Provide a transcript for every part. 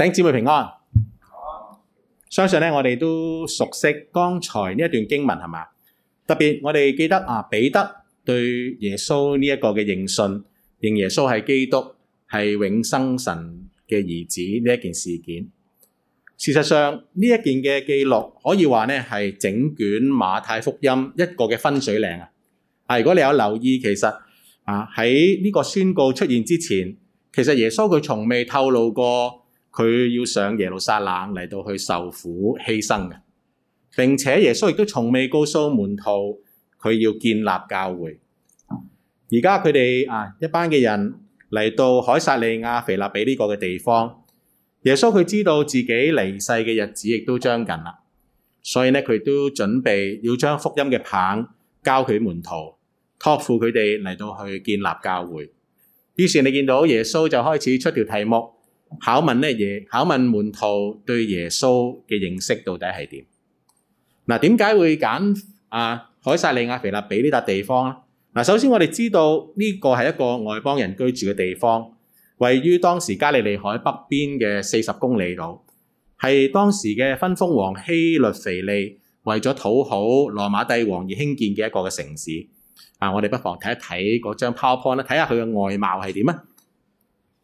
請姊妹平安。相信咧，我哋都熟悉剛才呢一段經文，係嘛？特別我哋記得啊，彼得對耶穌呢一個嘅認信，認耶穌係基督，係永生神嘅兒子呢一件事件。事實上，呢一件嘅記錄可以話咧，係整卷馬太福音一個嘅分水嶺啊！啊，如果你有留意，其實啊喺呢個宣告出現之前，其實耶穌佢從未透露過。佢要上耶路撒冷嚟到去受苦犧牲嘅，並且耶穌亦都從未告訴門徒佢要建立教會。而家佢哋啊一班嘅人嚟到凱撒利亞腓立比呢個嘅地方，耶穌佢知道自己離世嘅日子亦都將近啦，所以咧佢都準備要將福音嘅棒交佢門徒，托付佢哋嚟到去建立教會。於是你見到耶穌就開始出條題目。考問咩嘢？考問門徒對耶穌嘅認識到底係點？嗱，點解會揀啊？凱撒、啊、利亞腓立比呢笪地方咧？嗱、啊，首先我哋知道呢個係一個外邦人居住嘅地方，位於當時加利利海北邊嘅四十公里度，係當時嘅分封王希律腓利為咗討好羅馬帝王而興建嘅一個嘅城市。啊，我哋不妨睇一睇嗰張 powerpoint 睇下佢嘅外貌係點啊！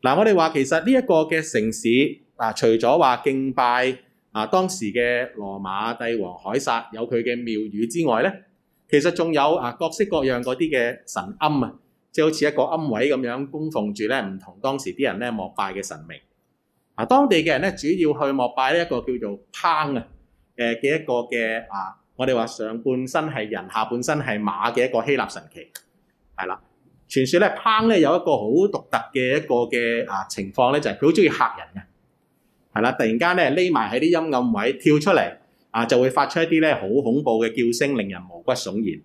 嗱、啊，我哋話其實呢一個嘅城市啊，除咗話敬拜啊當時嘅羅馬帝王凱撒有佢嘅廟宇之外咧，其實仲有啊各式各樣嗰啲嘅神龕啊，即係好似一個龕位咁樣供奉住咧，唔同當時啲人咧膜拜嘅神明。啊，當地嘅人咧主要去膜拜呢一個叫做潘啊，誒、呃、嘅一個嘅啊，我哋話上半身係人，下半身係馬嘅一個希臘神祇。係啦。傳説咧，烹咧有一個好獨特嘅一個嘅啊情況咧，就係佢好中意嚇人嘅，係啦，突然間咧匿埋喺啲陰暗位跳出嚟啊，就會發出一啲咧好恐怖嘅叫聲，令人毛骨悚然。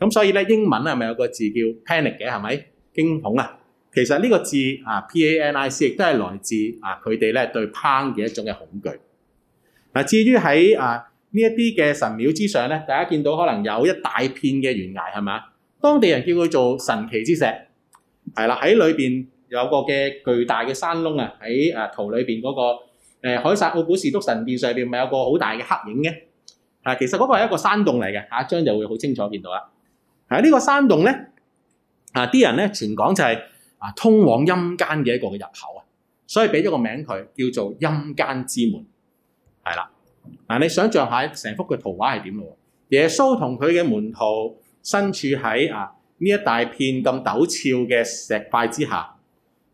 咁所以咧，英文咧係咪有個字叫 panic 嘅？係咪驚恐啊？其實呢個字啊，panic 亦都係來自啊佢哋咧對烹嘅一種嘅恐懼。嗱、啊，至於喺啊呢一啲嘅神廟之上咧，大家見到可能有一大片嘅懸崖係咪？當地人叫佢做神奇之石，係啦，喺裏邊有個嘅巨大嘅山窿啊，喺誒圖裏邊嗰個誒海薩奧古士督神殿上邊，咪有個好大嘅黑影嘅，啊，其實嗰個係一個山洞嚟嘅，下一張就會好清楚見到啦。喺、這、呢個山洞咧，啊啲人咧全講就係啊通往陰間嘅一個入口啊，所以俾咗個名佢叫做陰間之門，係啦，嗱你想象下成幅嘅圖畫係點嘅喎，耶穌同佢嘅門徒。身處喺啊呢一大片咁陡峭嘅石塊之下，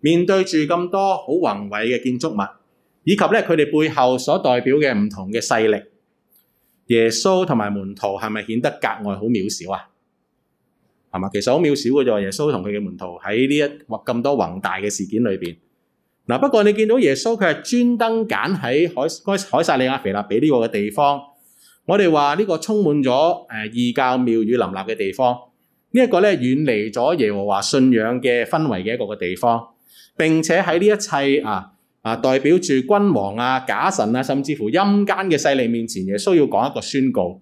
面對住咁多好宏偉嘅建築物，以及咧佢哋背後所代表嘅唔同嘅勢力，耶穌同埋門徒係咪顯得格外好渺小啊？係嘛，其實好渺小嘅啫。耶穌同佢嘅門徒喺呢一或咁多宏大嘅事件裏邊，嗱不過你見到耶穌佢係專登揀喺海該海撒利亞腓立比呢個嘅地方。我哋話呢個充滿咗誒異教廟宇林立嘅地方，呢、這、一個咧遠離咗耶和華信仰嘅氛圍嘅一個地方，並且喺呢一切啊啊代表住君王啊假神啊甚至乎陰間嘅勢力面前，亦都需要講一個宣告，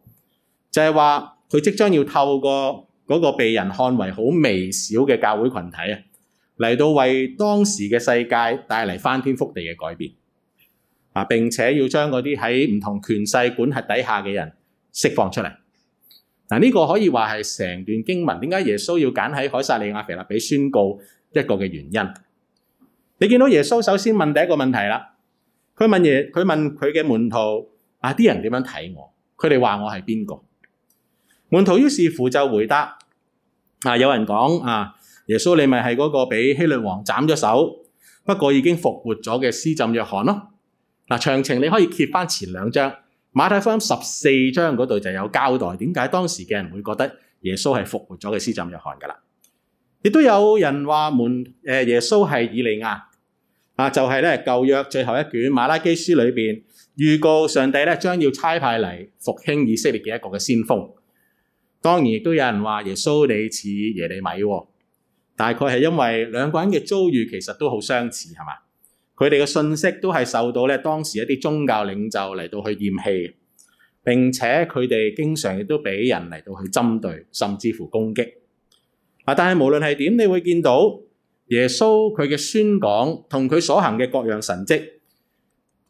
就係話佢即將要透過嗰個被人看為好微小嘅教會群體啊，嚟到為當時嘅世界帶嚟翻天覆地嘅改變。啊！並且要將嗰啲喺唔同權勢管轄底下嘅人釋放出嚟。嗱、啊，呢、呢個可以話係成段經文。點解耶穌要揀喺凱撒利亞腓立比宣告一個嘅原因？你見到耶穌首先問第一個問題啦。佢問耶，佢問佢嘅門徒啊，啲人點樣睇我？佢哋話我係邊個？門徒於是乎就回答啊，有人講啊，耶穌你咪係嗰個俾希律王斬咗手，不過已經復活咗嘅施浸約翰咯。嗱，詳情你可以揭翻前兩章，馬太福音十四章嗰度就有交代，點解當時嘅人會覺得耶穌係復活咗嘅施浸約翰㗎喇？亦都有人話門耶穌係以利亞啊，就係咧舊約最後一卷馬拉基書裏面預告上帝咧將要差派嚟復興以色列嘅一個先鋒。當然亦都有人話耶穌你似耶利米喎，大概係因為兩個人嘅遭遇其實都好相似，係嘛？佢哋嘅信息都係受到呢當時一啲宗教領袖嚟到去厭棄，並且佢哋經常亦都俾人嚟到去針對，甚至乎攻擊。啊！但係無論係點，你會見到耶穌佢嘅宣講同佢所行嘅各樣神跡，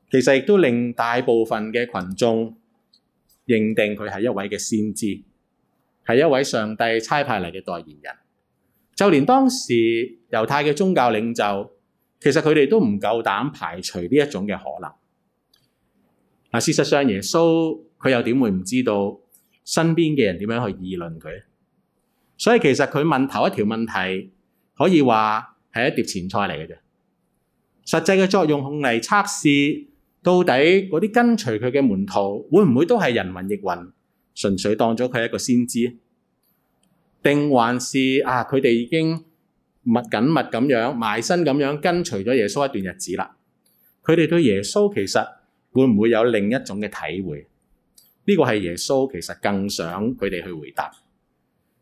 其實亦都令大部分嘅群眾認定佢係一位嘅先知，係一位上帝差派嚟嘅代言人。就連當時猶太嘅宗教領袖。其實佢哋都唔夠膽排除呢一種嘅可能。事實上耶穌佢又點會唔知道身邊嘅人點樣去議論佢？所以其實佢問頭一條問題，可以話係一碟前菜嚟嘅啫。實際嘅作用用嚟測試到底嗰啲跟隨佢嘅門徒會唔會都係人云亦云，純粹當咗佢一個先知，定還是啊佢哋已經？密緊密咁樣，埋身咁樣跟隨咗耶穌一段日子啦。佢哋對耶穌其實會唔會有另一種嘅體會？呢、這個係耶穌其實更想佢哋去回答。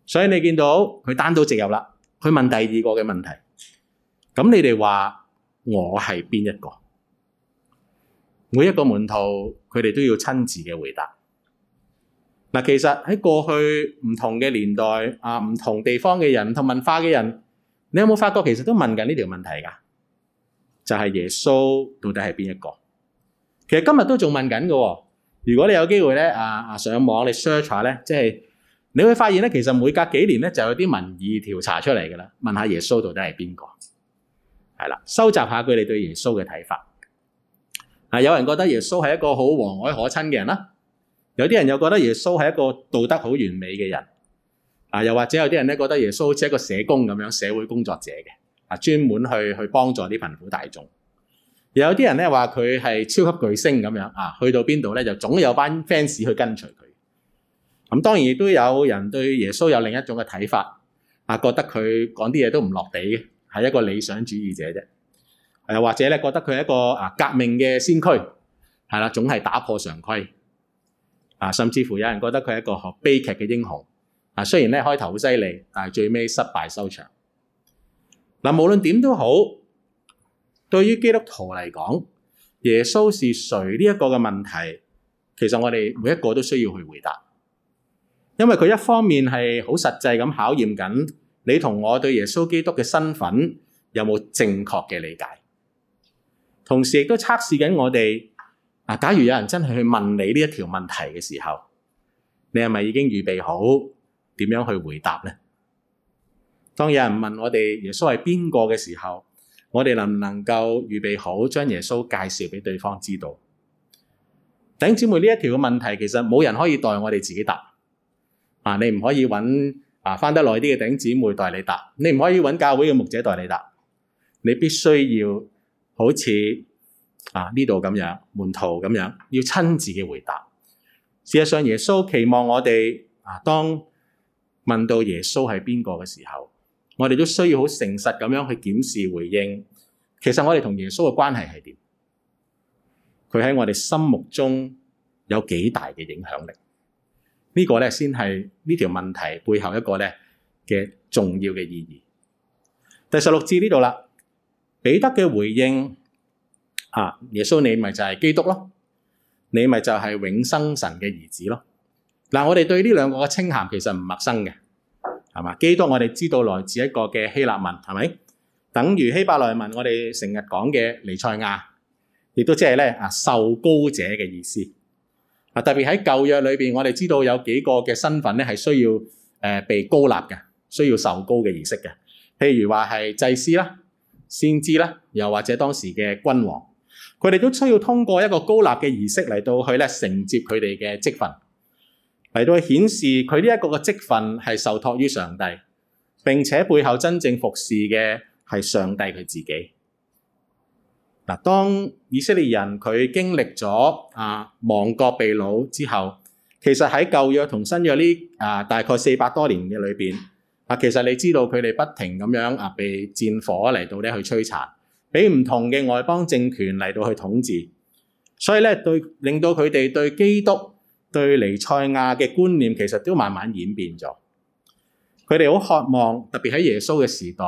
所以你見到佢單刀直入啦，佢問第二個嘅問題。咁你哋話我係邊一個？每一個門徒佢哋都要親自嘅回答。嗱，其實喺過去唔同嘅年代啊，唔同地方嘅人，唔同文化嘅人。你有冇發覺其實都問緊呢條問題噶？就係、是、耶穌到底係邊一個？其實今日都仲問緊噶、哦。如果你有機會咧、啊，上網你 search 下咧，即係你會發現咧，其實每隔幾年咧就有啲民意調查出嚟噶啦，問下耶穌到底係邊個？係啦，收集下佢哋對耶穌嘅睇法、啊。有人覺得耶穌係一個好和藹可親嘅人啦，有啲人又覺得耶穌係一個道德好完美嘅人。啊，又或者有啲人咧覺得耶穌好似一個社工咁樣，社會工作者嘅，啊，專門去去幫助啲貧苦大眾。有啲人咧話佢係超級巨星咁樣，啊，去到邊度咧就總有班 fans 去跟隨佢。咁當然亦都有人對耶穌有另一種嘅睇法，啊，覺得佢講啲嘢都唔落地嘅，係一個理想主義者啫。又或者咧覺得佢係一個啊革命嘅先驅，係啦，總係打破常規。啊，甚至乎有人覺得佢係一個好悲劇嘅英雄。啊，雖然咧開頭好犀利，但係最尾失敗收場。嗱，無論點都好，對於基督徒嚟講，耶穌是誰呢一個嘅問題，其實我哋每一個都需要去回答。因為佢一方面係好實際咁考驗緊你同我對耶穌基督嘅身份有冇正確嘅理解，同時亦都測試緊我哋。啊，假如有人真係去問你呢一條問題嘅時候，你係咪已經預備好？點樣去回答咧？當有人問我哋耶穌係邊個嘅時候，我哋能唔能夠預備好將耶穌介紹俾對方知道？頂姊妹呢一條嘅問題其實冇人可以代我哋自己答啊！你唔可以揾啊返得耐啲嘅頂姊妹代你答，你唔可以揾教會嘅牧者代你答，你必須要好似啊呢度咁樣門徒咁樣要親自嘅回答。事實上，耶穌期望我哋啊，當問到耶穌係邊個嘅時候，我哋都需要好誠實咁樣去檢視回應。其實我哋同耶穌嘅關係係點？佢喺我哋心目中有幾大嘅影響力？這個、呢才是這個呢先係呢條問題背後一個呢嘅重要嘅意義。第十六節呢度啦，彼得嘅回應啊，耶穌你咪就係基督咯，你咪就係永生神嘅兒子咯。嗱，我哋對呢兩個嘅稱銜其實唔陌生嘅，係嘛？基督我哋知道來自一個嘅希臘文，係咪？等於希伯來文，我哋成日講嘅彌賽亞，亦都即係咧啊，受膏者嘅意思啊。特別喺舊約裏邊，我哋知道有幾個嘅身份咧，係需要誒被膏立嘅，需要受膏嘅儀式嘅。譬如話係祭司啦、先知啦，又或者當時嘅君王，佢哋都需要通過一個膏立嘅儀式嚟到去咧承接佢哋嘅職份。嚟到顯示佢呢一個嘅職分係受託於上帝，並且背後真正服侍嘅係上帝佢自己。嗱、啊，當以色列人佢經歷咗啊亡國被擄之後，其實喺舊約同新約呢啊大概四百多年嘅裏面啊，其實你知道佢哋不停咁樣啊被戰火嚟到呢去摧殘，俾唔同嘅外邦政權嚟到去統治，所以呢，對令到佢哋對基督。對彌賽亞嘅觀念其實都慢慢演變咗，佢哋好渴望，特別喺耶穌嘅時代，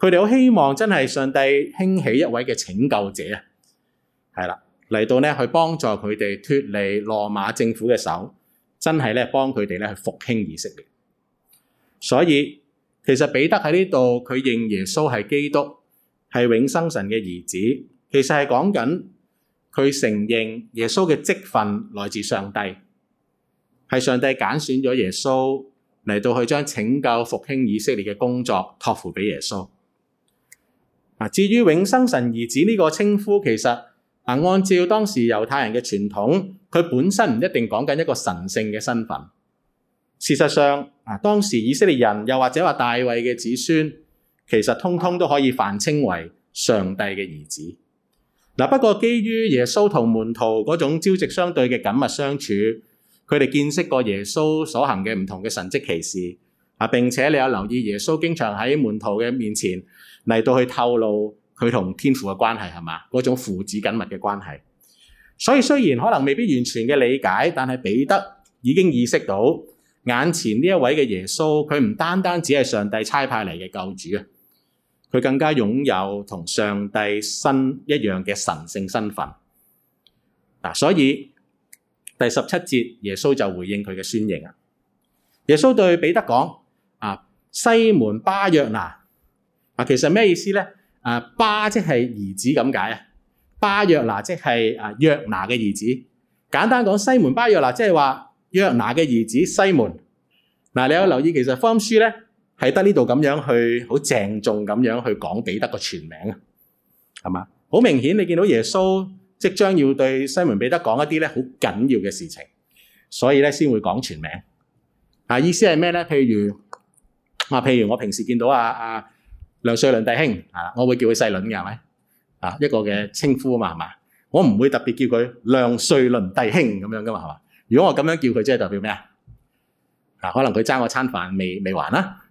佢哋好希望真係上帝興起一位嘅拯救者啊，係嚟到去幫助佢哋脫離羅馬政府嘅手，真係咧幫佢哋去復興以色列。所以其實彼得喺呢度佢認耶穌係基督，係永生神嘅兒子，其實係講緊佢承認耶穌嘅職份來自上帝。係上帝揀選咗耶穌嚟到去將拯救復興以色列嘅工作託付俾耶穌。嗱，至於永生神兒子呢個稱呼，其實嗱按照當時猶太人嘅傳統，佢本身唔一定講緊一個神性嘅身份。事實上，嗱當時以色列人又或者話大衛嘅子孫，其實通通都可以泛稱為上帝嘅兒子。嗱不過基於耶穌同門徒嗰種朝夕相對嘅緊密相處。佢哋見識過耶穌所行嘅唔同嘅神蹟奇事啊，並且你有留意耶穌經常喺門徒嘅面前嚟到去透露佢同天父嘅關係係嘛？嗰種父子緊密嘅關係。所以雖然可能未必完全嘅理解，但係彼得已經意識到眼前呢一位嘅耶穌，佢唔單單只係上帝差派嚟嘅救主啊，佢更加擁有同上帝新一樣嘅神性身份啊，所以。第十七節，耶穌就回應佢嘅宣認啊。耶穌對彼得講：啊，西門巴約拿啊，其實咩意思呢？啊，巴即係兒子咁解、就是、啊，巴約拿即係啊約拿嘅兒子。簡單講，西門巴約拿即係話約拿嘅兒子西門。啊、你有留意？其實福音書咧係得呢度咁樣去好鄭重咁樣去講彼得個全名啊？係嘛？好明顯，你見到耶穌。即將要對西門彼得講一啲咧好緊要嘅事情，所以咧先會講全名。啊，意思係咩咧？譬如啊，譬如我平時見到啊啊梁瑞麟弟兄啊，我會叫佢細倫嘅係咪？啊，一個嘅稱呼啊嘛係嘛？我唔會特別叫佢梁瑞麟弟兄咁樣噶嘛係嘛？如果我咁樣叫佢，即係代表咩啊？啊，可能佢爭我餐飯未未還啦。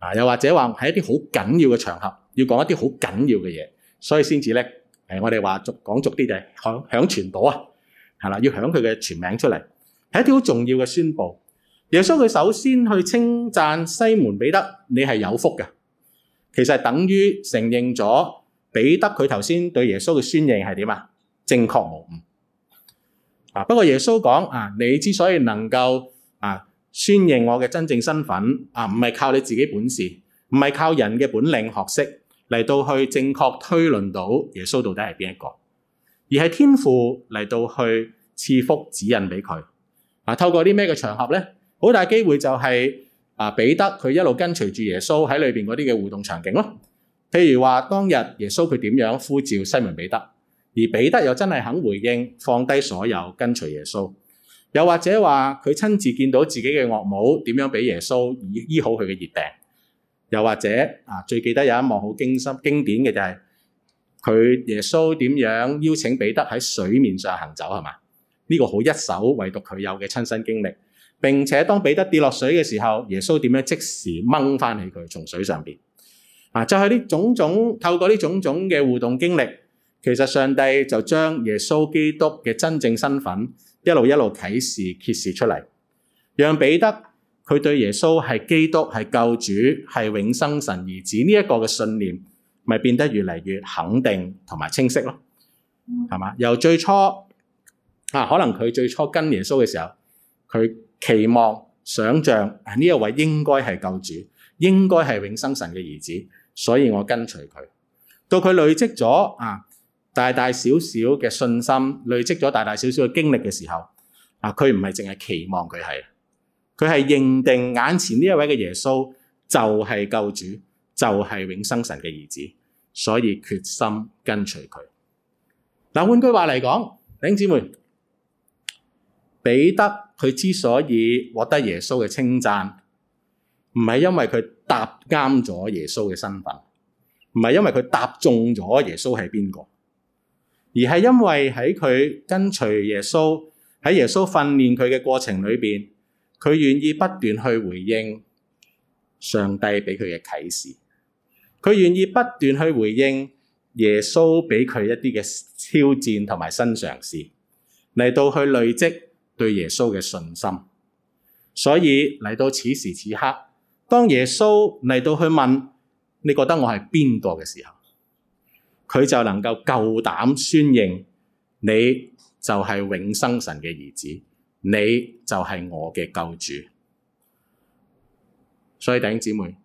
啊，又或者話喺一啲好緊要嘅場合，要講一啲好緊要嘅嘢，所以先至咧。我哋話講俗啲就係響響傳道啊，要響佢嘅全名出嚟，係一條好重要嘅宣佈。耶穌佢首先去稱讚西門彼得，你係有福嘅，其實等於承認咗彼得佢頭先對耶穌嘅宣認係點啊？正確無誤啊！不過耶穌講啊，你之所以能夠啊宣認我嘅真正身份啊，唔係靠你自己本事，唔係靠人嘅本領學識。嚟到去正確推論到耶穌到底係邊一個，而係天父嚟到去賜福指引俾佢。啊，透過啲咩嘅場合呢？好大機會就係、是、啊彼得佢一路跟隨住耶穌喺裏面嗰啲嘅互動場景咯。譬如話當日耶穌佢點樣呼召西門彼得，而彼得又真係肯回應放低所有跟隨耶穌。又或者話佢親自見到自己嘅岳母點樣俾耶穌醫好佢嘅熱病。又或者啊，最記得有一幕好經心經典嘅就係佢耶穌點樣邀請彼得喺水面上行走係嘛？呢、這個好一手唯獨佢有嘅親身經歷。並且當彼得跌落水嘅時候，耶穌點樣即時掹翻起佢從水上邊啊！就係、是、呢種種透過呢種種嘅互動經歷，其實上帝就將耶穌基督嘅真正身份一路一路啟示揭示出嚟，讓彼得。佢對耶穌係基督，係救主，係永生神兒子呢一個嘅信念，咪變得越嚟越肯定同埋清晰咯，係嘛？由最初啊，可能佢最初跟耶穌嘅時候，佢期望想象啊、呢一位應該係救主，應該係永生神嘅兒子，所以我跟隨佢。到佢累積咗啊大大小小嘅信心，累積咗大大小小嘅經歷嘅時候，啊佢唔係淨係期望佢係。佢係認定眼前呢一位嘅耶穌就係救主，就係、是、永生神嘅兒子，所以決心跟隨佢。嗱，換句話嚟講，弟兄姊妹，彼得佢之所以獲得耶穌嘅稱讚，唔係因為佢答啱咗耶穌嘅身份，唔係因為佢答中咗耶穌係邊個，而係因為喺佢跟隨耶穌喺耶穌訓練佢嘅過程裏邊。佢願意不斷去回應上帝俾佢嘅啟示，佢願意不斷去回應耶穌俾佢一啲嘅挑戰同埋新嘗試，嚟到去累積對耶穌嘅信心。所以嚟到此時此刻，當耶穌嚟到去問你覺得我係邊個嘅時候，佢就能夠夠膽宣認你就係永生神嘅兒子。你就係我嘅救主，所以弟兄姊妹，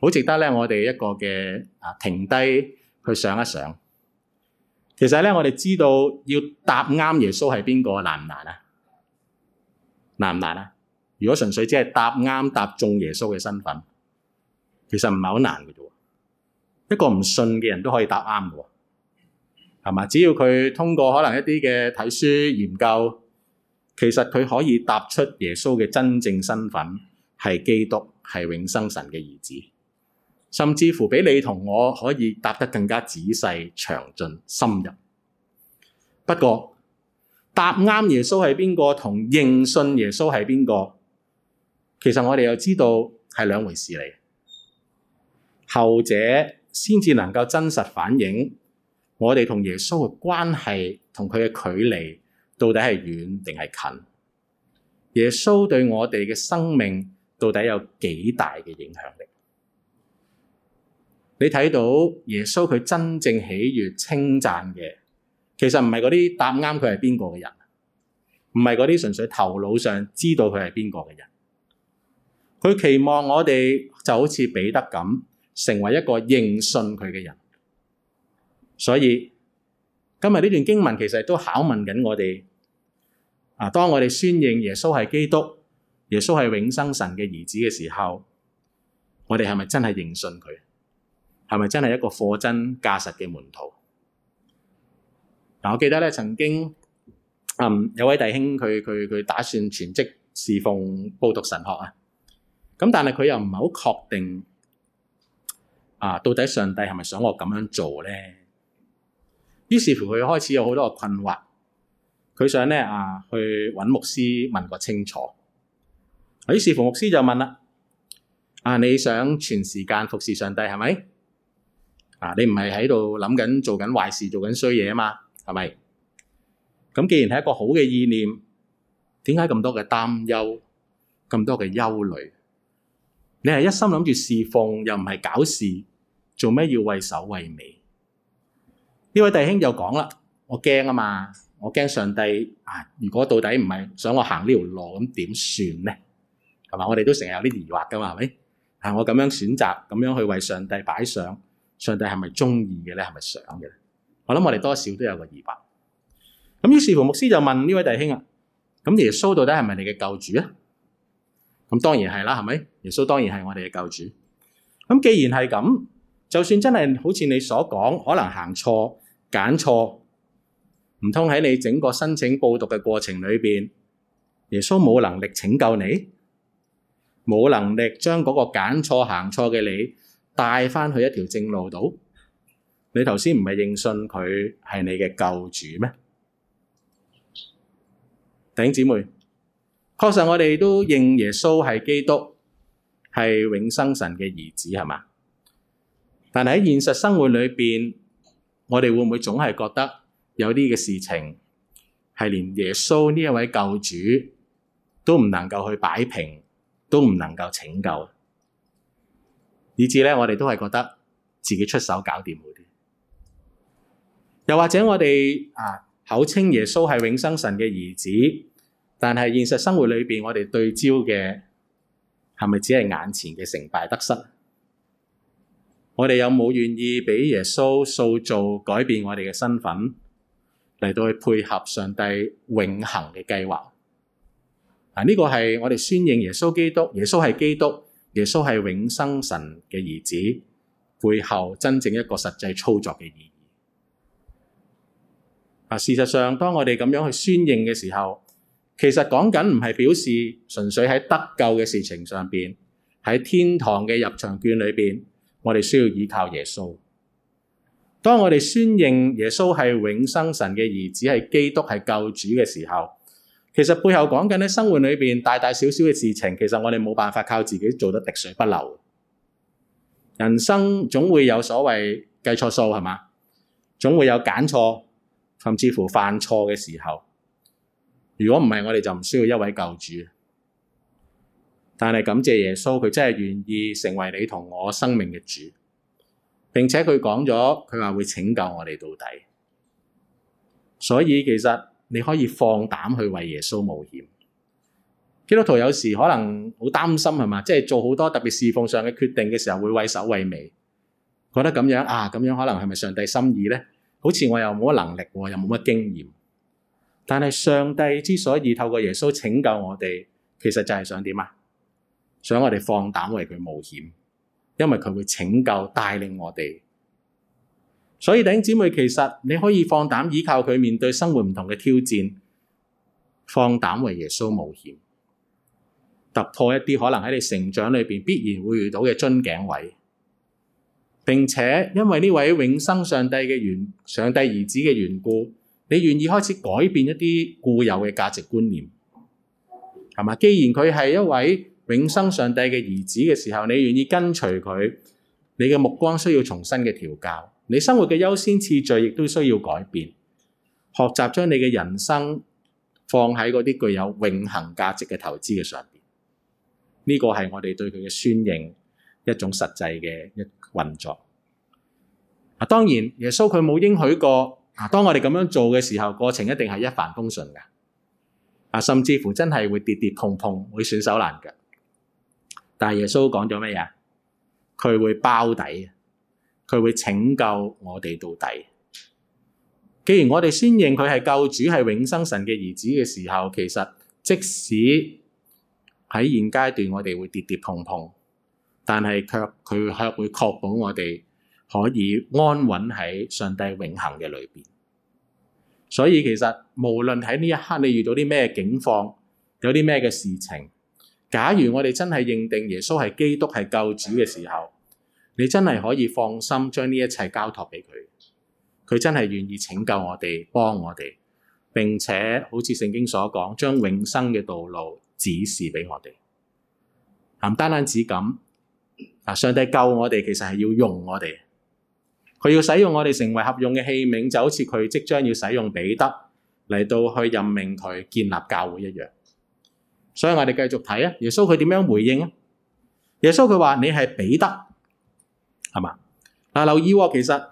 好值得咧，我哋一個嘅停低去想一想。其實咧，我哋知道要答啱耶穌係邊個難唔難啊？難唔難啊？如果純粹只係答啱答中耶穌嘅身份，其實唔係好難嘅啫。一個唔信嘅人都可以答啱嘅，係嘛？只要佢通過可能一啲嘅睇書研究。其實佢可以答出耶穌嘅真正身份係基督，係永生神嘅兒子，甚至乎比你同我可以答得更加仔細、詳盡、深入。不過答啱耶穌係邊個同認信耶穌係邊個，其實我哋又知道係兩回事嚟。後者先至能夠真實反映我哋同耶穌嘅關係同佢嘅距離。到底係遠定係近？耶穌對我哋嘅生命到底有幾大嘅影響力？你睇到耶穌佢真正喜悅稱讚嘅，其實唔係嗰啲答啱佢係邊個嘅人，唔係嗰啲純粹頭腦上知道佢係邊個嘅人。佢期望我哋就好似彼得咁，成為一個認信佢嘅人。所以今日呢段經文其實都考問緊我哋。嗱，當我哋宣認耶穌係基督，耶穌係永生神嘅兒子嘅時候，我哋係咪真係認信佢？係咪真係一個貨真價實嘅門徒？嗱，我記得咧，曾經，嗯，有位弟兄，佢佢佢打算全職侍奉、報讀神學啊，咁但係佢又唔係好確定，啊，到底上帝係咪想我咁樣做咧？於是乎，佢開始有好多嘅困惑。佢想咧啊，去揾牧師問個清楚。於是馮牧師就問啦：啊，你想全時間服侍上帝係咪？啊，你唔係喺度諗緊做緊壞事做緊衰嘢啊嘛？係咪？咁既然係一個好嘅意念，點解咁多嘅擔憂、咁多嘅憂慮？你係一心諗住侍奉，又唔係搞事，做咩要畏首畏尾？呢位弟兄就講啦：我驚啊嘛！我驚上帝啊！如果到底唔係想我行呢條路，咁點算咧？係嘛？我哋都成日有啲疑惑噶嘛？係咪？啊！我咁樣選擇，咁樣去為上帝擺上，上帝係咪中意嘅咧？係咪想嘅咧？我諗我哋多少都有個疑惑。咁於是乎，牧師就問呢位弟兄啊：咁耶穌到底係咪你嘅救主啊？咁當然係啦，係咪？耶穌當然係我哋嘅救主。咁既然係咁，就算真係好似你所講，可能行錯、揀錯。唔通喺你整個申請報讀嘅過程裏邊，耶穌冇能力拯救你，冇能力將嗰個揀錯行錯嘅你帶返去一條正路度？你頭先唔係認信佢係你嘅救主咩？弟兄姊妹，確實我哋都認耶穌係基督，係永生神嘅兒子係嘛？但係喺現實生活裏邊，我哋會唔會總係覺得？有啲嘅事情係連耶穌呢一位救主都唔能夠去擺平，都唔能夠拯救，以至咧我哋都係覺得自己出手搞掂嗰啲。又或者我哋，啊，口稱耶穌係永生神嘅兒子，但係現實生活裏邊我哋對焦嘅係咪只係眼前嘅成敗得失？我哋有冇願意俾耶穌塑造改變我哋嘅身份？嚟到去配合上帝永恒嘅計劃，嗱、啊、呢、這個係我哋宣認耶穌基督，耶穌係基督，耶穌係永生神嘅兒子背後真正一個實際操作嘅意義。啊，事實上當我哋咁樣去宣認嘅時候，其實講緊唔係表示純粹喺得救嘅事情上邊，喺天堂嘅入場券裏邊，我哋需要倚靠耶穌。當我哋宣認耶穌係永生神嘅兒子，係基督，係救主嘅時候，其實背後講緊生活裏面大大小小嘅事情，其實我哋冇辦法靠自己做得滴水不漏。人生總會有所謂計錯數係嘛，總會有揀錯，甚至乎犯錯嘅時候。如果唔係，我哋就唔需要一位救主。但係感謝耶穌，佢真係願意成為你同我生命嘅主。並且佢講咗，佢話會拯救我哋到底。所以其實你可以放膽去為耶穌冒險。基督徒有時可能好擔心係嘛，即係做好多特別侍奉上嘅決定嘅時候會畏首畏尾，覺得咁樣啊，咁樣可能係咪上帝心意咧？好似我又冇乜能力，啊，又冇乜經驗。但係上帝之所以透過耶穌拯救我哋，其實就係想點啊？想我哋放膽為佢冒險。因為佢會拯救帶領我哋，所以弟姊妹，其實你可以放膽依靠佢面對生活唔同嘅挑戰，放膽為耶穌冒險，突破一啲可能喺你成長裏邊必然會遇到嘅樽頸位，並且因為呢位永生上帝嘅緣上帝兒子嘅緣故，你願意開始改變一啲固有嘅價值觀念，係嘛？既然佢係一位。永生上帝嘅兒子嘅時候，你願意跟隨佢？你嘅目光需要重新嘅調校，你生活嘅優先次序亦都需要改變。學習將你嘅人生放喺嗰啲具有永恆價值嘅投資嘅上面。呢、這個係我哋對佢嘅宣認一種實際嘅一運作。嗱、啊，當然耶穌佢冇應許過、啊，當我哋咁樣做嘅時候，過程一定係一帆風順嘅。啊，甚至乎真係會跌跌碰碰，會損手爛腳嘅。但耶穌講咗咩嘢？佢會包底，佢會拯救我哋到底。既然我哋先認佢係救主，係永生神嘅兒子嘅時候，其實即使喺現階段我哋會跌跌碰碰，但係卻佢卻，卻會確保我哋可以安穩喺上帝永恆嘅裏邊。所以其實無論喺呢一刻你遇到啲咩境況，有啲咩嘅事情。假如我哋真係認定耶穌係基督係救主嘅時候，你真係可以放心將呢一切交託俾佢，佢真係願意拯救我哋，幫我哋，並且好似聖經所講，將永生嘅道路指示俾我哋。唔單單止咁，嗱，上帝救我哋，其實係要用我哋，佢要使用我哋成為合用嘅器皿，就好似佢即將要使用彼得嚟到去任命佢建立教會一樣。所以我哋繼續睇啊！耶穌佢點樣回應啊？耶穌佢話：你係彼得，係嘛？啊，留意、哦、其實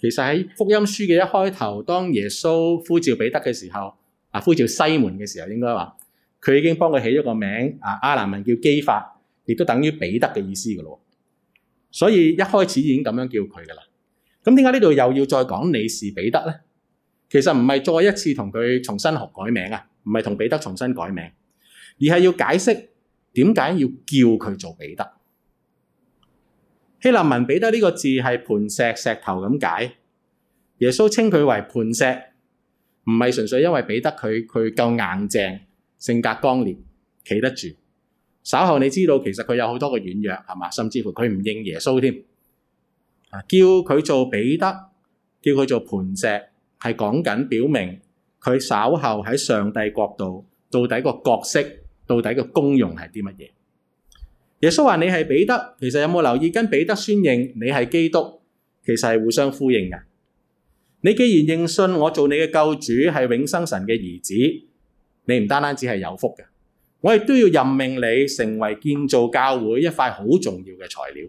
其實喺福音書嘅一開頭，當耶穌呼召彼得嘅時候，啊呼召西門嘅時候應該說，應該話佢已經幫佢起咗個名啊，亞蘭文叫基法，亦都等於彼得嘅意思噶咯。所以一開始已經咁樣叫佢噶啦。咁點解呢度又要再講你是彼得呢？其實唔係再一次同佢重新學改名啊，唔係同彼得重新改名。而係要解釋點解要叫佢做彼得？希臘文彼得呢個字係磐石、石頭咁解。耶穌稱佢為磐石，唔係純粹因為彼得佢佢夠硬淨，性格剛烈，企得住。稍後你知道其實佢有好多個軟弱係嘛，甚至乎佢唔認耶穌添。啊，叫佢做彼得，叫佢做磐石，係講緊表明佢稍後喺上帝角度到底個角色。到底個功用係啲乜嘢？耶穌話你係彼得，其實有冇留意跟彼得宣認你係基督？其實係互相呼應噶。你既然認信我做你嘅救主，係永生神嘅兒子，你唔單單只係有福嘅，我亦都要任命你成為建造教會一塊好重要嘅材料。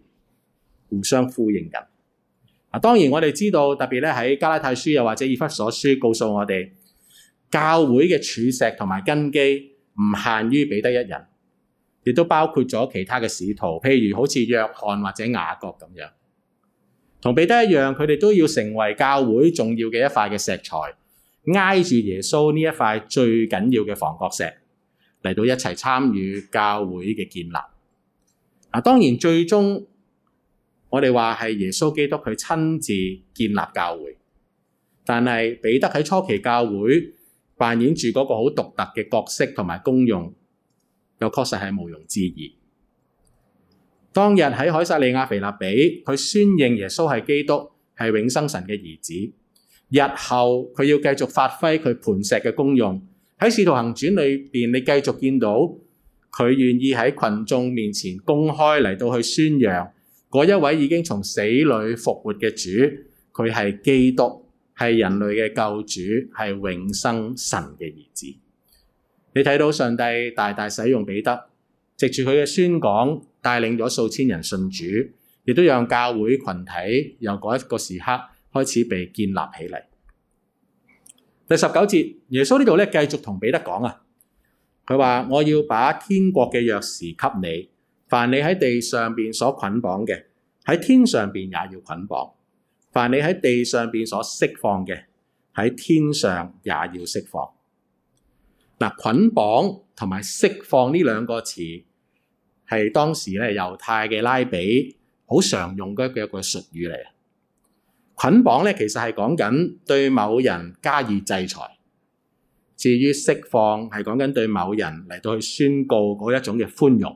互相呼應㗎。啊，當然我哋知道，特別咧喺加拉太書又或者以弗所書，告訴我哋教會嘅柱石同埋根基。唔限於彼得一人，亦都包括咗其他嘅使徒，譬如好似約翰或者雅各咁樣。同彼得一樣，佢哋都要成為教會重要嘅一塊嘅石材，挨住耶穌呢一塊最緊要嘅房角石嚟到一齊參與教會嘅建立。嗱、啊，當然最終我哋話係耶穌基督佢親自建立教會，但係彼得喺初期教會，扮演住嗰個好獨特嘅角色同埋功用，又確實係毋庸置疑。當日喺凱撒利亞腓立比，佢宣認耶穌係基督，係永生神嘅兒子。日後佢要繼續發揮佢磐石嘅功用。喺《使徒行傳》裏邊，你繼續見到佢願意喺群眾面前公開嚟到去宣揚嗰一位已經從死裏復活嘅主，佢係基督，係人類嘅救主，係永生神嘅兒子。你睇到上帝大大使用彼得，藉住佢嘅宣講，帶領咗數千人信主，亦都讓教會群體由嗰一個時刻開始被建立起嚟。第十九節，耶穌這裡呢度咧繼續同彼得講啊，佢話，我要把天國嘅鑰匙給你，凡你喺地上邊所捆綁嘅，喺天上邊也要捆綁。凡你喺地上邊所釋放嘅，喺天上也要釋放。嗱、啊，捆綁同埋釋放呢兩個詞，係當時咧猶太嘅拉比好常用嘅一個術語嚟。捆綁咧其實係講緊對某人加以制裁，至於釋放係講緊對某人嚟到去宣告嗰一種嘅寬容。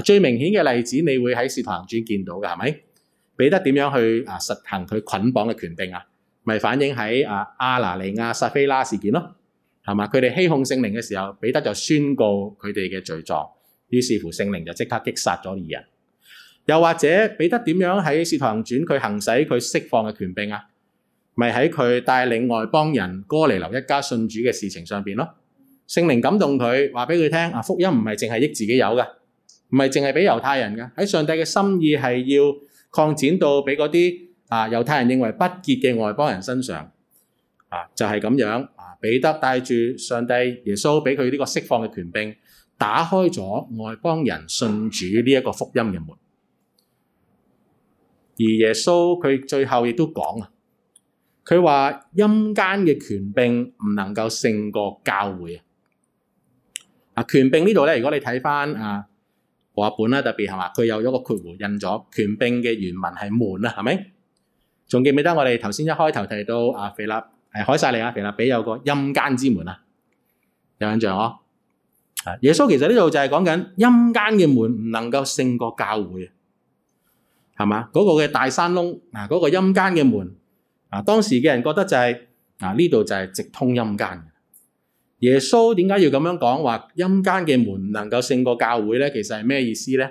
最明顯嘅例子，你會喺《使徒行傳》見到嘅係咪？彼得點樣去啊實行佢捆綁嘅權柄啊？咪反映喺啊亞拿尼亞撒非拉事件咯，係嘛？佢哋欺哄聖靈嘅時候，彼得就宣告佢哋嘅罪狀，於是乎聖靈就即刻擊殺咗二人。又或者彼得點樣喺《使徒行傳》佢行使佢釋放嘅權柄啊？咪喺佢帶領外邦人哥尼流一家信主嘅事情上面咯？聖靈感動佢，話俾佢聽啊，福音唔係淨係益自己有嘅。唔係淨係俾猶太人噶，喺上帝嘅心意係要擴展到俾嗰啲啊猶太人認為不潔嘅外邦人身上啊，就係咁樣啊，彼得帶住上帝耶穌俾佢呢個釋放嘅權柄，打開咗外邦人信主呢一個福音嘅門。而耶穌佢最後亦都講啊，佢話陰間嘅權柄唔能夠勝過教會啊。啊權柄呢度呢，如果你睇翻啊。畫本啦，特別係嘛，佢有一個括弧印咗權柄嘅原文係門啦，係咪？仲記唔記得我哋頭先一開頭提到啊腓，腓立係該撒利亞啊，腓立比有個陰間之門啊，有印象嗬？耶穌其實呢度就係講緊陰間嘅門唔能夠勝過教會，係嘛？嗰、嗰個嘅大山窿嗱，嗰、嗰個陰間嘅門，啊，當時嘅人覺得就係、係、啊呢度就係直通陰間。耶穌點解要咁樣講，話陰間嘅門能夠勝過教會呢？其實係咩意思呢？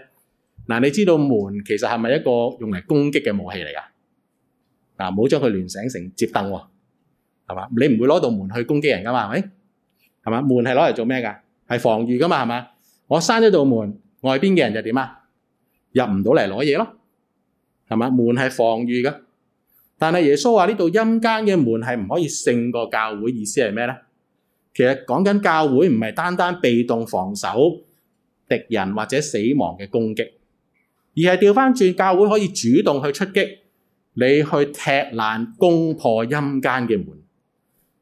嗱，你知道門其實係咪一個用嚟攻擊嘅武器嚟噶？嗱，唔好將佢聯想成折凳係嘛？你唔會攞道門去攻擊人噶嘛？係咪？係嘛？門係攞嚟做咩噶？係防禦噶嘛？係嘛？我閂咗道門，外邊嘅人就點啊？入唔到嚟攞嘢咯？係嘛？門係防禦噶，但係耶穌話呢度陰間嘅門係唔可以勝過教會，意思係咩呢？其實講緊教會唔係單單被動防守敵人或者死亡嘅攻擊，而係調翻轉教會可以主動去出擊，你去踢爛攻破陰間嘅門，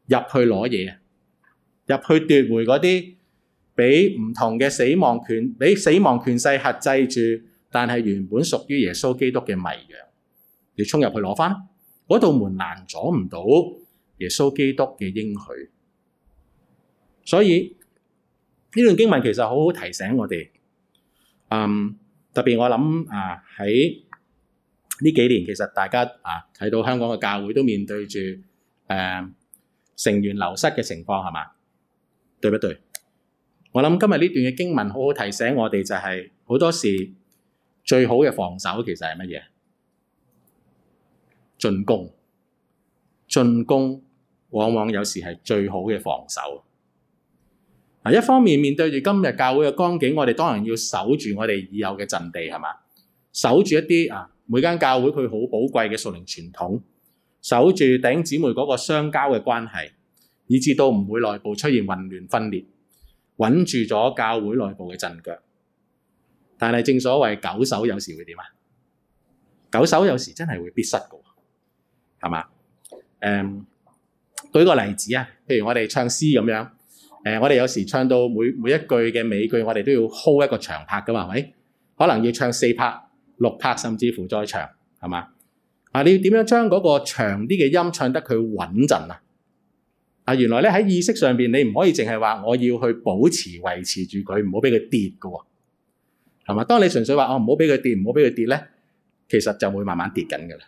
入去攞嘢，入去奪回嗰啲俾唔同嘅死亡權、俾死亡權勢轄制住，但係原本屬於耶穌基督嘅迷羊，你衝入去攞翻，嗰道門難阻唔到耶穌基督嘅應許。所以呢段經文其實好好提醒我哋，嗯，特別我諗啊，喺呢幾年其實大家啊睇到香港嘅教會都面對住誒、啊、成員流失嘅情況，係嘛？對唔對？我諗今日呢段嘅經文好好提醒我哋、就係，就係好多時最好嘅防守其實係乜嘢？進攻，進攻往往有時係最好嘅防守。一方面面對住今日教會嘅光景，我哋當然要守住我哋已有嘅陣地，係嘛？守住一啲啊，每間教會佢好寶貴嘅屬靈傳統，守住頂姊妹嗰個相交嘅關係，以至到唔會內部出現混亂分裂，穩住咗教會內部嘅陣腳。但係正所謂久守，有時會點啊？久守有時真係會必失嘅，係嘛？誒、嗯，舉個例子啊，譬如我哋唱詩咁樣。誒、呃，我哋有時唱到每每一句嘅尾句，我哋都要 hold 一個長拍㗎嘛，係咪？可能要唱四拍、六拍，甚至乎再長，係嘛？啊，你要點樣將嗰個長啲嘅音唱得佢穩陣啊？啊，原來咧喺意識上邊，你唔可以淨係話我要去保持維持住佢，唔好俾佢跌㗎喎，係嘛？當你純粹話我唔好俾佢跌，唔好俾佢跌咧，其實就會慢慢跌緊㗎啦。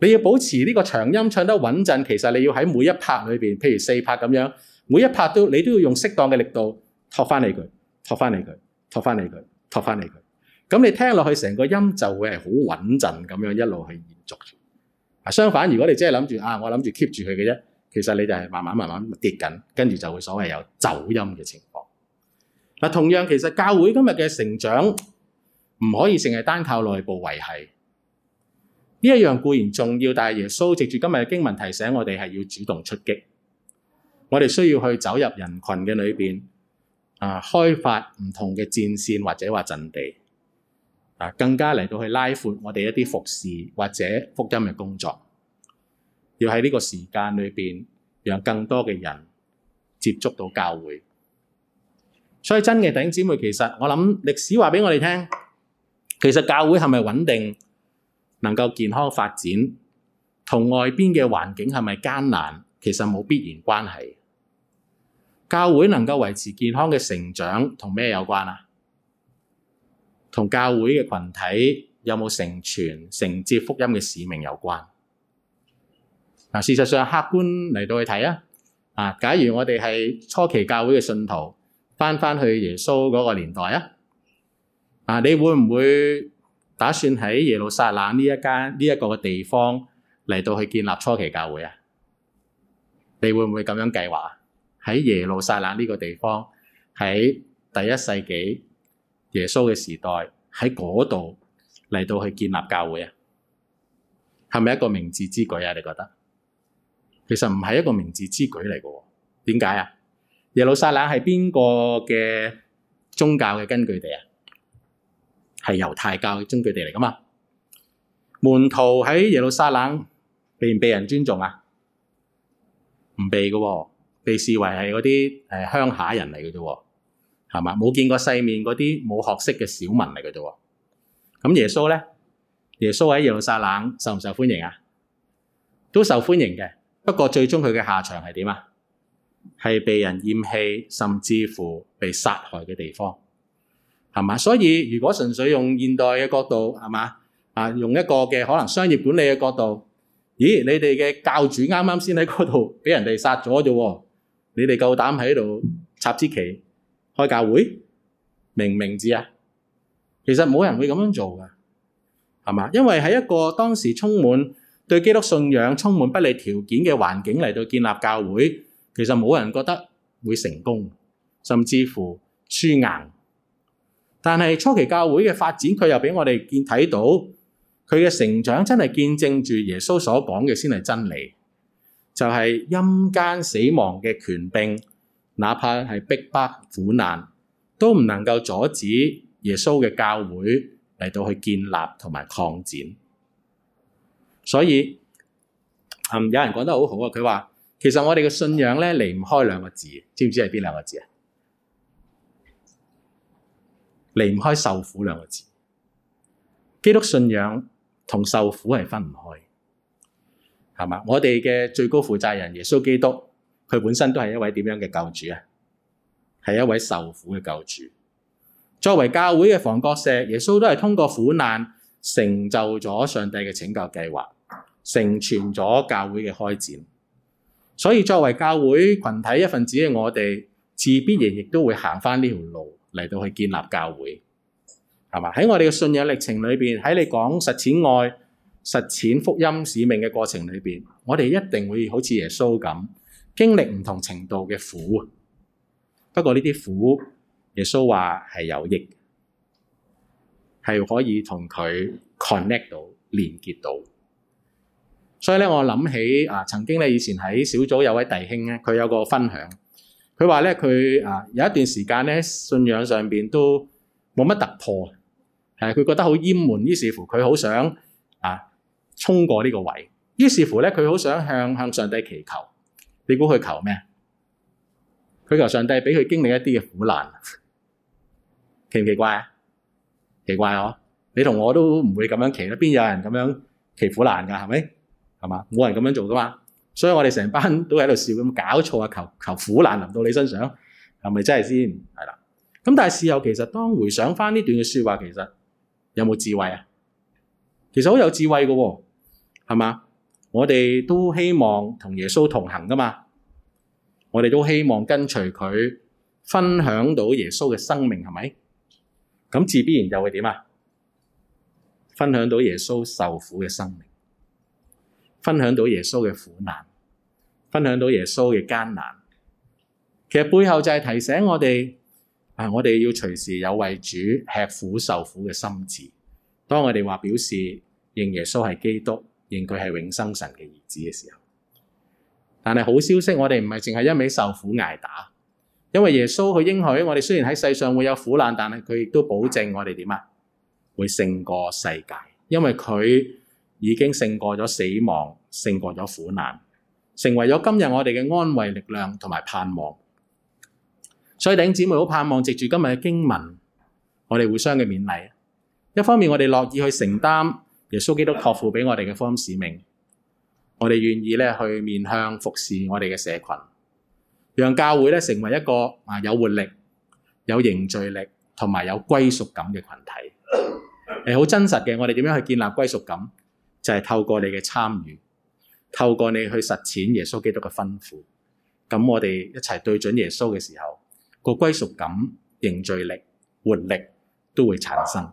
你要保持呢個長音唱得穩陣，其實你要喺每一拍裏邊，譬如四拍咁樣。每一拍都你都要用適當嘅力度托翻你句，托翻你句，托翻你句，托翻你句。咁你聽落去成個音就會係好穩陣咁樣一路去延續。啊，相反，如果你真係諗住啊，我諗住 keep 住佢嘅啫，其實你就係慢慢慢慢跌緊，跟住就會所謂有走音嘅情況。嗱，同樣其實教會今日嘅成長唔可以淨係單靠內部維繫，呢一樣固然重要，但係耶穌藉住今日嘅經文提醒我哋係要主動出擊。我哋需要去走入人群嘅裏邊，啊，開發唔同嘅戰線或者話陣地，啊，更加嚟到去拉闊我哋一啲服侍或者福音嘅工作，要喺呢個時間裏邊，讓更多嘅人接觸到教會。所以真嘅弟兄姊妹，其實我諗歷史話俾我哋聽，其實教會係咪穩定，能夠健康發展，同外邊嘅環境係咪艱難，其實冇必然關係。教會能夠維持健康嘅成長同咩有關啊？同教會嘅群體有冇成全、承接福音嘅使命有關。事實上客觀嚟到去睇啊，啊，假如我哋係初期教會嘅信徒，翻返去耶穌嗰個年代啊，啊，你會唔會打算喺耶路撒冷呢一間呢一個地方嚟到去建立初期教會啊？你會唔會咁樣計劃？喺耶路撒冷呢個地方，喺第一世紀耶穌嘅時代，喺嗰度嚟到去建立教會啊，係咪一個明智之舉啊？你覺得？其實唔係一個明智之舉嚟嘅，點解啊？耶路撒冷係邊個嘅宗教嘅根據地啊？係猶太教嘅根據地嚟噶嘛。門徒喺耶路撒冷被唔被人尊重啊？唔被嘅喎。被視為係嗰啲誒鄉下人嚟嘅啫，係嘛？冇見過世面嗰啲冇學識嘅小民嚟嘅啫。咁耶穌咧，耶穌喺耶路撒冷受唔受歡迎啊？都受歡迎嘅。不過最終佢嘅下場係點啊？係被人厭棄，甚至乎被殺害嘅地方，係嘛？所以如果純粹用現代嘅角度，係嘛？啊，用一個嘅可能商業管理嘅角度，咦？你哋嘅教主啱啱先喺嗰度俾人哋殺咗啫。你哋夠膽喺度插支旗開教會，明唔明智啊？其實冇人會咁樣做噶，係嘛？因為喺一個當時充滿對基督信仰充滿不利條件嘅環境嚟到建立教會，其實冇人覺得會成功，甚至乎輸硬。但係初期教會嘅發展，佢又俾我哋見睇到佢嘅成長，真係見證住耶穌所講嘅先係真理。就係陰間死亡嘅權柄，哪怕係逼迫苦難，都唔能夠阻止耶穌嘅教會嚟到去建立同埋擴展。所以，嗯，有人講得好好啊，佢話其實我哋嘅信仰咧離唔開兩個字，知唔知係邊兩個字啊？離唔開受苦兩個字。基督信仰同受苦係分唔開。係嘛？我哋嘅最高負責人耶穌基督，佢本身都係一位點樣嘅救主啊？係一位受苦嘅救主。作為教會嘅房角石，耶穌都係通過苦難成就咗上帝嘅拯救計劃，成全咗教會嘅開展。所以作為教會群體一份子嘅我哋，自必然亦都會行翻呢條路嚟到去建立教會。係嘛？喺我哋嘅信仰歷程裏邊，喺你講實踐愛，實踐福音使命嘅過程裏邊，我哋一定會好似耶穌咁經歷唔同程度嘅苦。不過呢啲苦，耶穌話係有益，係可以同佢 connect 到，連結到。所以咧，我諗起啊，曾經咧以前喺小組有位弟兄咧，佢有個分享，佢話咧佢啊有一段時間咧信仰上邊都冇乜突破，誒、啊、佢覺得好厭悶，於是乎佢好想啊。衝過呢個位，於是乎咧，佢好想向向上帝祈求。你估佢求咩？佢求上帝俾佢經歷一啲嘅苦難，奇唔奇怪啊？奇怪哦、啊！你同我都唔會咁樣祈啦，邊有人咁樣祈苦難噶？係咪？係嘛？冇人咁樣做噶嘛。所以我哋成班都喺度笑，咁搞錯啊！求求苦難臨到你身上，係咪真係先？係啦。咁但係事後其實當回想返呢段嘅説話，其實有冇智慧啊？其實好有智慧噶喎、啊。係嘛？我哋都希望同耶穌同行噶嘛？我哋都希望跟隨佢，分享到耶穌嘅生命，係咪？咁自必然就會點啊？分享到耶穌受苦嘅生命，分享到耶穌嘅苦難，分享到耶穌嘅艱難。其實背後就係提醒我哋，啊，我哋要隨時有為主吃苦受苦嘅心志。當我哋話表示認耶穌係基督。認佢係永生神嘅兒子嘅時候，但係好消息，我哋唔係淨係一味受苦捱打，因為耶穌佢應許我哋，雖然喺世上會有苦難，但係佢亦都保證我哋點啊，會勝過世界，因為佢已經勝過咗死亡，勝過咗苦難，成為咗今日我哋嘅安慰力量同埋盼望。所以弟兄姊妹好盼望，藉住今日嘅經文，我哋互相嘅勉勵，一方面我哋樂意去承擔。耶穌基督託付俾我哋嘅福音使命，我哋願意咧去面向服侍我哋嘅社群，讓教會咧成為一個啊有活力、有凝聚力同埋有歸屬感嘅群體。係好真實嘅，我哋點樣去建立歸屬感，就係、是、透過你嘅參與，透過你去實踐耶穌基督嘅吩咐。咁我哋一齊對準耶穌嘅時候，個歸屬感、凝聚力、活力都會產生。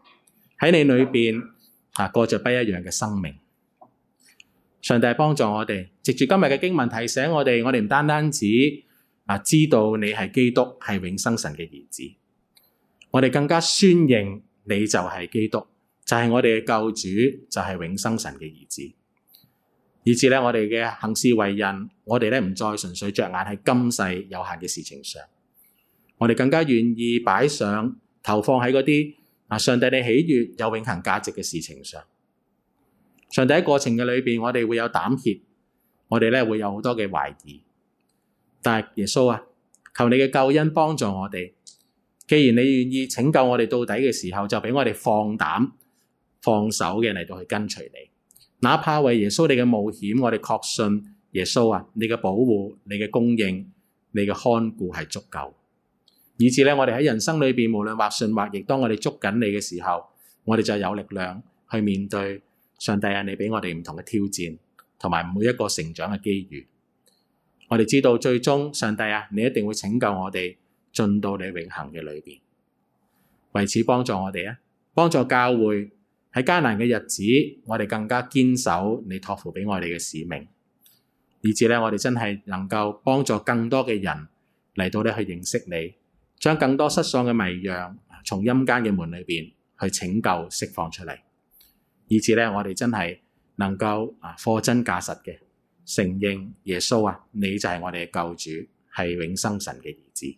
喺你裏邊啊，過着不一樣嘅生命。上帝幫助我哋，藉住今日嘅經文提醒我哋，我哋唔單單止啊知道你係基督，係永生神嘅兒子，我哋更加宣認你就係基督，就係、是、我哋嘅救主，就係、是、永生神嘅兒子。以至咧，我哋嘅行事為人，我哋咧唔再純粹着眼喺今世有限嘅事情上，我哋更加願意擺上、投放喺嗰啲。啊！上帝你喜悅有永恒價值嘅事情上，上帝喺過程嘅裏邊，我哋會有膽怯，我哋咧會有好多嘅懷疑。但係耶穌啊，求你嘅救恩幫助我哋。既然你願意拯救我哋到底嘅時候，就俾我哋放膽放手嘅嚟,到去跟隨你。哪怕為耶穌你嘅冒險，我哋確信耶穌啊，你嘅保護、你嘅供應、你嘅看顧係足夠。以至咧，我哋喺人生裏邊，無論或順或逆，當我哋捉緊你嘅時候，我哋就有力量去面對上帝啊！你畀我哋唔同嘅挑戰，同埋每一個成長嘅機遇。我哋知道最終上帝啊，你一定會拯救我哋進到你永恒嘅裏邊。為此幫助我哋啊，幫助教會喺艱難嘅日子，我哋更加堅守你託付俾我哋嘅使命。以至咧，我哋真係能夠幫助更多嘅人嚟到咧去認識你。將更多失喪嘅迷羊從陰間嘅門裏邊去拯救釋放出嚟，以此咧我哋真係能夠啊貨真價實嘅承認耶穌啊，你就係我哋嘅救主，係永生神嘅兒子。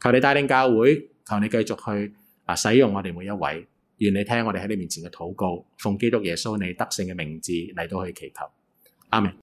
求你帶領教會，求你繼續去啊使用我哋每一位，願你聽我哋喺你面前嘅禱告，奉基督耶穌你得勝嘅名字嚟到去祈求。阿門。